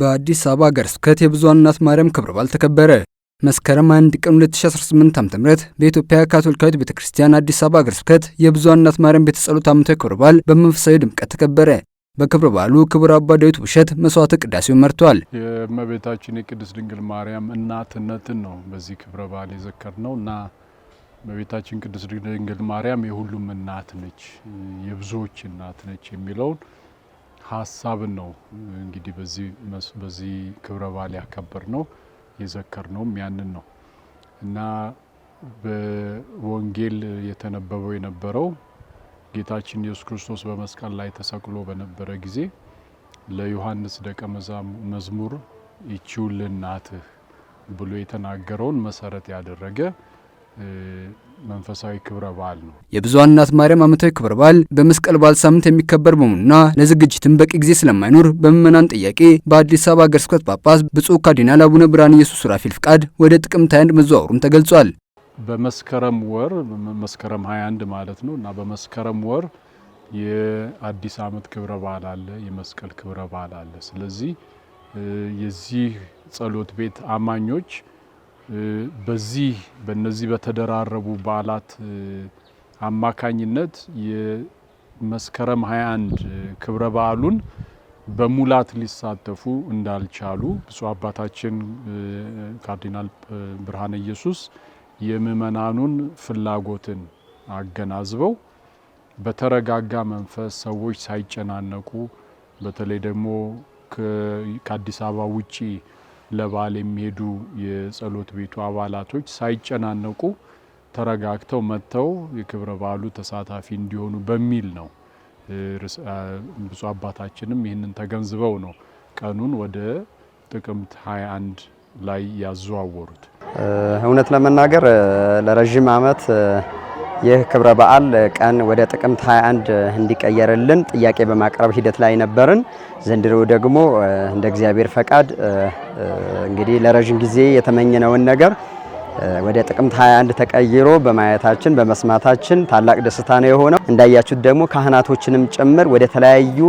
በአዲስ አበባ ሀገረ ስብከት የብፁዓን እናት ማርያም ክብረ በዓል ተከበረ። መስከረም 1 ቀን 2018 ዓ.ም በኢትዮጵያ ካቶሊካዊት ቤተክርስቲያን አዲስ አበባ ሀገረ ስብከት የብፁዓን እናት ማርያም ቤተ ጸሎት ዓመታዊ ክብረ በዓል በመንፈሳዊ ድምቀት ተከበረ። በክብረ በዓሉ ክቡር አባ ዳዊት ውሸት መስዋዕተ ቅዳሴውን መርቷል። የእመቤታችን የቅድስት ድንግል ማርያም እናትነትን ነው በዚህ ክብረ በዓል የዘከርነው እና እመቤታችን ቅድስት ድንግል ማርያም የሁሉም እናት ነች፣ የብዙዎች እናት ነች የሚለውን ሀሳብን ነው እንግዲህ በዚህ ክብረ በዓል ያከበር ነው የዘከር ነውም ያንን ነው እና በወንጌል የተነበበው የነበረው ጌታችን ኢየሱስ ክርስቶስ በመስቀል ላይ ተሰቅሎ በነበረ ጊዜ ለዮሐንስ ደቀ መዝሙር ይችውልናትህ ብሎ የተናገረውን መሰረት ያደረገ መንፈሳዊ ክብረ በዓል ነው። የብፁዓን እናት ማርያም ዓመታዊ ክብረ በዓል በመስቀል በዓል ሳምንት የሚከበር በመሆኑና ለዝግጅትም በቂ ጊዜ ስለማይኖር በምዕመናን ጥያቄ በአዲስ አበባ ሀገረ ስብከት ጳጳስ ብፁዕ ካርዲናል አቡነ ብርሃን ኢየሱስ ሱራፊል ፍቃድ ወደ ጥቅምት 21 መዘዋወሩም ተገልጿል። በመስከረም ወር መስከረም 21 ማለት ነው እና በመስከረም ወር የአዲስ ዓመት ክብረ በዓል አለ፣ የመስቀል ክብረ በዓል አለ። ስለዚህ የዚህ ጸሎት ቤት አማኞች በዚህ በነዚህ በተደራረቡ በዓላት አማካኝነት የመስከረም 21 ክብረ በዓሉን በሙላት ሊሳተፉ እንዳልቻሉ ብፁዕ አባታችን ካርዲናል ብርሃነ ኢየሱስ የምእመናኑን ፍላጎትን አገናዝበው በተረጋጋ መንፈስ ሰዎች ሳይጨናነቁ በተለይ ደግሞ ከአዲስ አበባ ውጪ ለበዓል የሚሄዱ የጸሎት ቤቱ አባላቶች ሳይጨናነቁ ተረጋግተው መጥተው የክብረ በዓሉ ተሳታፊ እንዲሆኑ በሚል ነው። ብፁዕ አባታችንም ይህንን ተገንዝበው ነው ቀኑን ወደ ጥቅምት 21 ላይ ያዘዋወሩት። እውነት ለመናገር ለረዥም ዓመት ይህ ክብረ በዓል ቀን ወደ ጥቅምት 21 እንዲቀየርልን ጥያቄ በማቅረብ ሂደት ላይ ነበርን። ዘንድሮ ደግሞ እንደ እግዚአብሔር ፈቃድ እንግዲህ ለረዥም ጊዜ የተመኘነውን ነገር ወደ ጥቅምት 21 ተቀይሮ በማየታችን በመስማታችን ታላቅ ደስታ ነው የሆነው። እንዳያችሁት ደግሞ ካህናቶችንም ጭምር ወደ ተለያዩ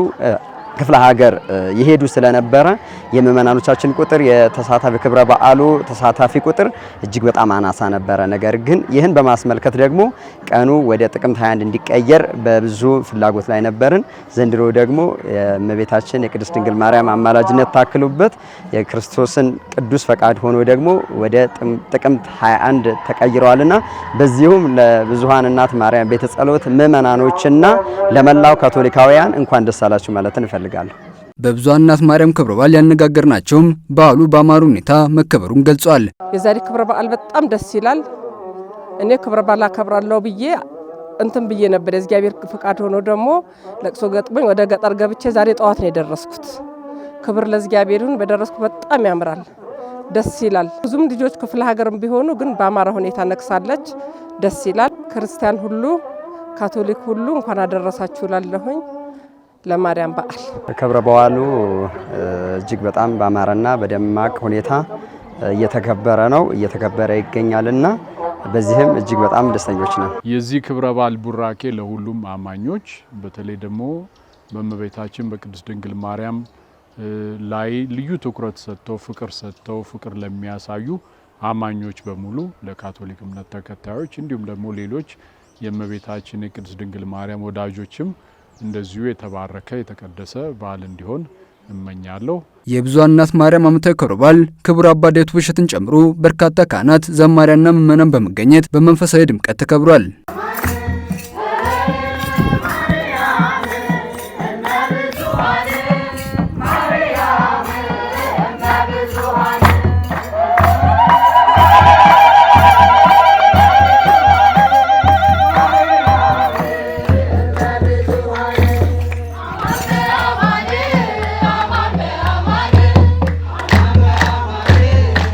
ክፍለ ሀገር የሄዱ ስለነበረ የምእመናኖቻችን ቁጥር የተሳታፊ ክብረ በዓሉ ተሳታፊ ቁጥር እጅግ በጣም አናሳ ነበረ። ነገር ግን ይህን በማስመልከት ደግሞ ቀኑ ወደ ጥቅምት 21 እንዲቀየር በብዙ ፍላጎት ላይ ነበርን። ዘንድሮ ደግሞ የእመቤታችን የቅድስት ድንግል ማርያም አማላጅነት ታክሎበት የክርስቶስን ቅዱስ ፈቃድ ሆኖ ደግሞ ወደ ጥቅምት 21 ተቀይረዋልና በዚሁም ለብዙሀን እናት ማርያም ቤተ ጸሎት ምእመናኖችና ለመላው ካቶሊካውያን እንኳን ደስ አላችሁ ማለት እንፈልጋለን። እፈልጋለሁ። በብፁዕ እናት ማርያም ክብረ በዓል ያነጋገርናቸውም በዓሉ በአማረ ሁኔታ መከበሩን ገልጿል። የዛሬ ክብረ በዓል በጣም ደስ ይላል። እኔ ክብረ በዓል አከብራለሁ ብዬ እንትን ብዬ ነበር። የእግዚአብሔር ፍቃድ ሆኖ ደግሞ ለቅሶ ገጥሞኝ ወደ ገጠር ገብቼ ዛሬ ጠዋት ነው የደረስኩት። ክብር ለእግዚአብሔር ይሁን። በደረስኩ በጣም ያምራል፣ ደስ ይላል። ብዙም ልጆች ክፍለ ሀገርም ቢሆኑ ግን በአማራ ሁኔታ ነግሳለች። ደስ ይላል። ክርስቲያን ሁሉ ካቶሊክ ሁሉ እንኳን አደረሳችሁ ላለሁኝ ለማርያም በዓል ክብረ በዓሉ እጅግ በጣም በአማረና በደማቅ ሁኔታ እየተከበረ ነው እየተከበረ ይገኛልና በዚህም እጅግ በጣም ደስተኞች ነን። የዚህ ክብረ በዓል ቡራኬ ለሁሉም አማኞች በተለይ ደግሞ በእመቤታችን በቅድስት ድንግል ማርያም ላይ ልዩ ትኩረት ሰጥተው ፍቅር ሰጥተው ፍቅር ለሚያሳዩ አማኞች በሙሉ ለካቶሊክ እምነት ተከታዮች እንዲሁም ደግሞ ሌሎች የእመቤታችን የቅድስት ድንግል ማርያም ወዳጆችም እንደዚሁ የተባረከ የተቀደሰ በዓል እንዲሆን እመኛለሁ። የብዙኃን እናት ማርያም ዓመታዊ ክብረ በዓል ክቡር አባ ዳዊት ውብሸትን ጨምሮ በርካታ ካህናት፣ ዘማሪያና ምዕመናን በመገኘት በመንፈሳዊ ድምቀት ተከብሯል።